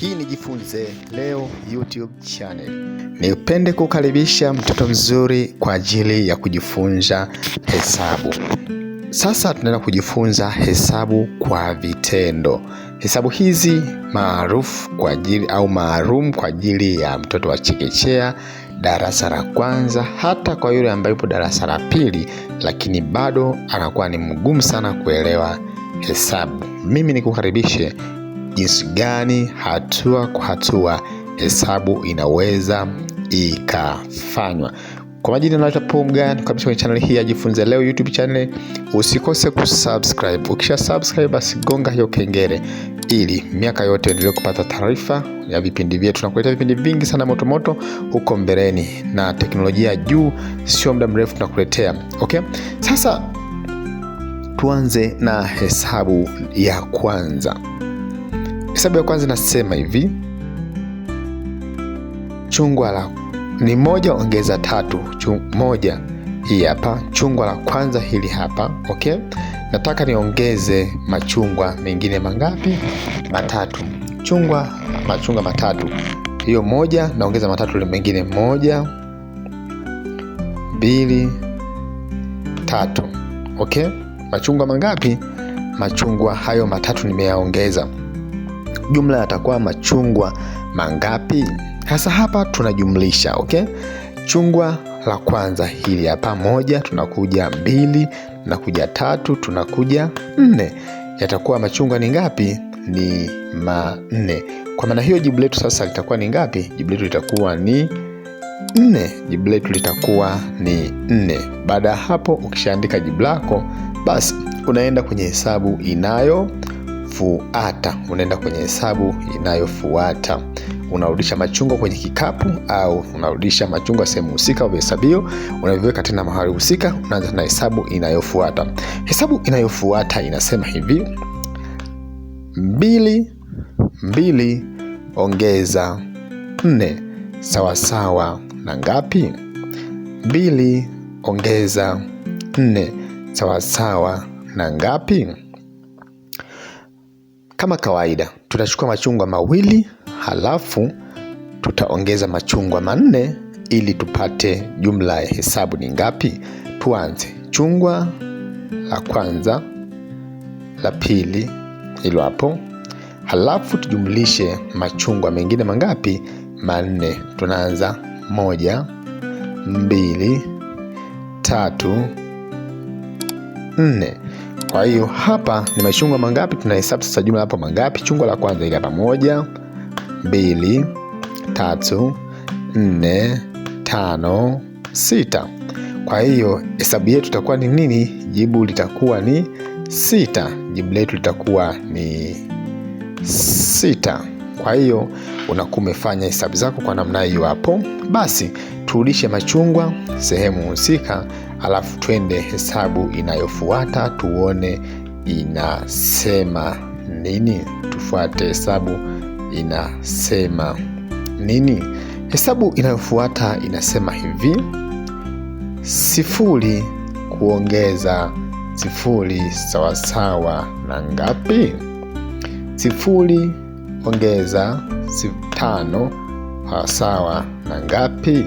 Hii ni Jifunze Leo YouTube channel. Nipende kukaribisha mtoto mzuri kwa ajili ya kujifunza hesabu. Sasa tunaenda kujifunza hesabu kwa vitendo. Hesabu hizi maarufu kwa ajili au maalum kwa ajili ya mtoto wa chekechea, darasa la kwanza, hata kwa yule ambaye yupo darasa la pili, lakini bado anakuwa ni mgumu sana kuelewa hesabu. Mimi nikukaribishe jinsi gani hatua kwa hatua hesabu inaweza ikafanywa. Kwa majina naitwa Paul kabisa kwenye channel hii ya Jifunze Leo YouTube channel. Usikose kusubscribe. Ukisha subscribe basi gonga hiyo kengele ili miaka yote endelee kupata taarifa ya vipindi vyetu. Tunakuletea vipindi vingi sana moto moto huko mbeleni na teknolojia juu, sio muda mrefu tunakuletea. Okay? Sasa tuanze na hesabu ya kwanza. Hesabu ya kwanza inasema hivi, chungwa la ni moja ongeza tatu chung, moja hii hapa chungwa la kwanza hili hapa okay. Nataka niongeze machungwa mengine mangapi? Matatu. Chungwa machungwa matatu, hiyo moja naongeza matatu mengine moja, mbili, tatu okay. Machungwa mangapi? Machungwa hayo matatu nimeyaongeza jumla yatakuwa machungwa mangapi? Sasa hapa tunajumlisha okay? Chungwa la kwanza hili hapa moja, tunakuja mbili, tunakuja tatu, tunakuja nne, yatakuwa machungwa ni ngapi? Ni manne. Kwa maana hiyo jibu letu sasa litakuwa ni ngapi? Jibu letu litakuwa ni nne. Jibu letu litakuwa ni nne. Baada ya hapo, ukishaandika jibu lako, basi unaenda kwenye hesabu inayo fuata, unaenda kwenye hesabu inayofuata unarudisha machungwa kwenye kikapu au unarudisha machungwa sehemu husika hesabio, unaviweka tena mahali husika, unaanza na hesabu inayofuata. Hesabu inayofuata inasema hivi: mbili mbili ongeza nne sawasawa na ngapi? Mbili ongeza nne sawasawa na ngapi? Kama kawaida, tutachukua machungwa mawili halafu tutaongeza machungwa manne ili tupate jumla ya hesabu ni ngapi. Tuanze chungwa la kwanza, la pili, hilo hapo, halafu tujumlishe machungwa mengine mangapi? Manne. Tunaanza moja, mbili, tatu, nne. Kwa hiyo hapa ni machungwa mangapi, tunahesabu sasa jumla hapo mangapi. Chungwa la kwanza ile hapa moja, mbili, tatu, nne, tano, sita. Kwa hiyo hesabu yetu itakuwa ni nini? Jibu litakuwa ni sita. Jibu letu litakuwa ni sita. Kwa hiyo unakuwa umefanya hesabu zako kwa namna hiyo hapo. Basi turudishe machungwa sehemu husika alafu twende hesabu inayofuata tuone inasema nini, tufuate hesabu inasema nini. Hesabu inayofuata inasema hivi: sifuri kuongeza sifuri sawasawa na ngapi? Sifuri ongeza tano sawasawa na ngapi?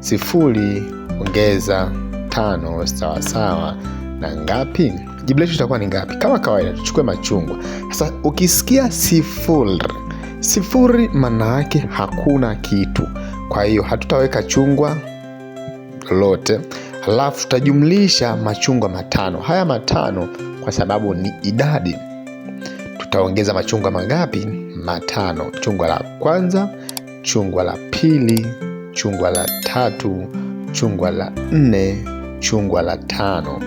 Sifuri ongeza tano sawasawa na ngapi? Jibu letu itakuwa ni ngapi? Kama kawaida, tuchukue machungwa. Sasa ukisikia sifuri, sifuri maana yake hakuna kitu, kwa hiyo hatutaweka chungwa lote, halafu tutajumlisha machungwa matano. Haya matano kwa sababu ni idadi, tutaongeza machungwa mangapi? Matano. Chungwa la kwanza, chungwa la pili, chungwa la tatu, chungwa la nne chungwa la tano.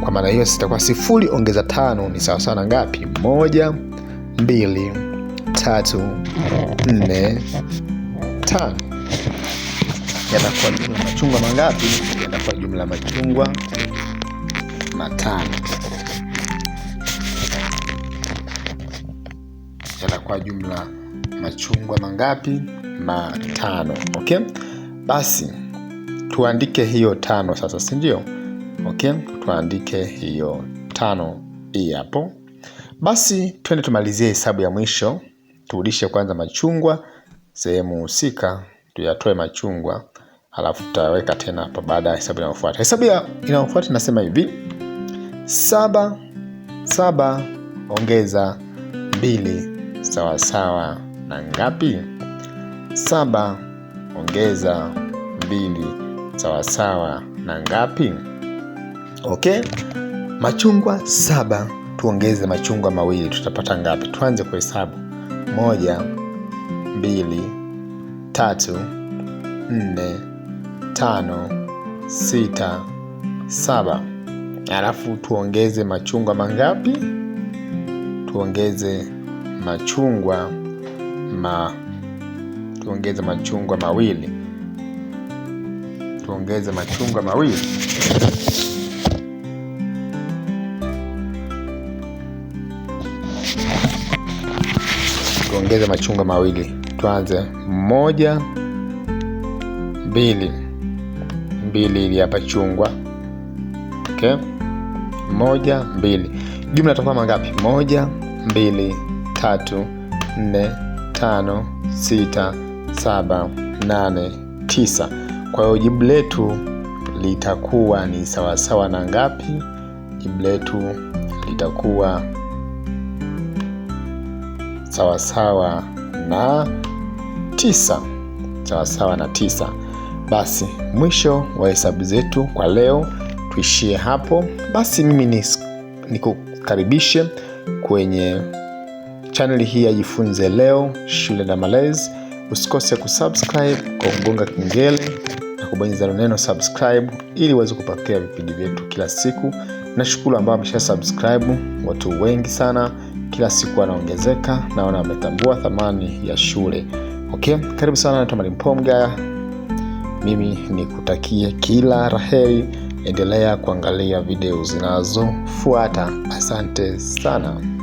Kwa maana hiyo sitakuwa sifuri ongeza tano ni sawasawa na ngapi? Moja, mbili, tatu, nne, tano. Yatakuwa jumla machungwa mangapi? Yatakuwa jumla machungwa matano. Yatakuwa jumla machungwa mangapi? Matano. Okay, basi tuandike hiyo tano sasa, si ndio? Okay, tuandike hiyo tano hii hapo. Basi twende tumalizie hesabu ya mwisho, turudishe kwanza machungwa sehemu husika, tuyatoe machungwa alafu tutaweka tena hapa baada ya hesabu inayofuata. Hesabu inayofuata inasema hivi saba saba ongeza mbili sawasawa na ngapi? Saba ongeza mbili sawasawa na ngapi? Okay, machungwa saba tuongeze machungwa mawili, tutapata ngapi? Tuanze kuhesabu: moja, mbili, tatu, nne, tano, sita, saba. Alafu tuongeze machungwa mangapi? Tuongeze machungwa ma tuongeze machungwa mawili tuongeze machungwa mawili. Tuongeze machungwa mawili, tuanze moja, mbili mbili, ili hapa chungwa okay. Moja, mbili, jumla tutakuwa mangapi? Moja, mbili, tatu, nne, tano, sita, saba, nane, tisa. Kwa hiyo jibu letu litakuwa ni sawasawa na ngapi? Jibu letu litakuwa sawasawa na tisa, sawasawa na tisa. Basi mwisho wa hesabu zetu kwa leo, tuishie hapo. Basi mimi nikukaribishe kwenye chaneli hii ya Jifunze Leo Shule na Malezi. Usikose kusubscribe kwa kugonga kengele kubonyeza neno subscribe ili uweze kupokea vipindi vyetu kila siku. Nashukuru ambao wamesha subscribe, watu wengi sana, kila siku wanaongezeka, naona wametambua thamani ya shule. Okay, karibu sana, naitwa Mwalimu Paul Mimi nikutakie kila raheri, endelea kuangalia video zinazofuata. Asante sana.